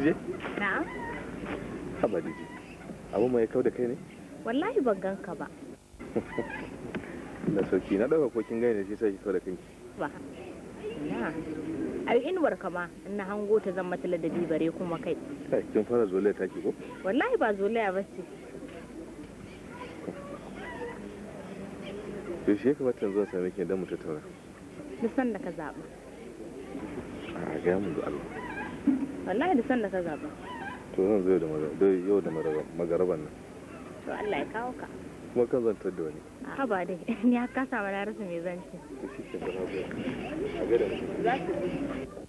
dije? Na'am. Haba dije Abu mai kau da kai ne? Wallahi ban gan ka ba. Na sauki na dauka ko kin gane shi sai shi so da kanki. Ba. Na. Ai inuwar ka ma na hango ta zan matala da bibare kuma kai. Kai kin fara zolaya take ko? Wallahi ba zolaya ba ce. To shi ka kamata zuwa sai muke dan mu tattauna. Nisan da ka zaba. A ga mu da Allah. wallahi da san ka zaba to zan zo da yau da magaraban nan to Allah ya kawo ka kuma kan zantar da wani a ba dai ni haka sama na rasa me zan ce to ba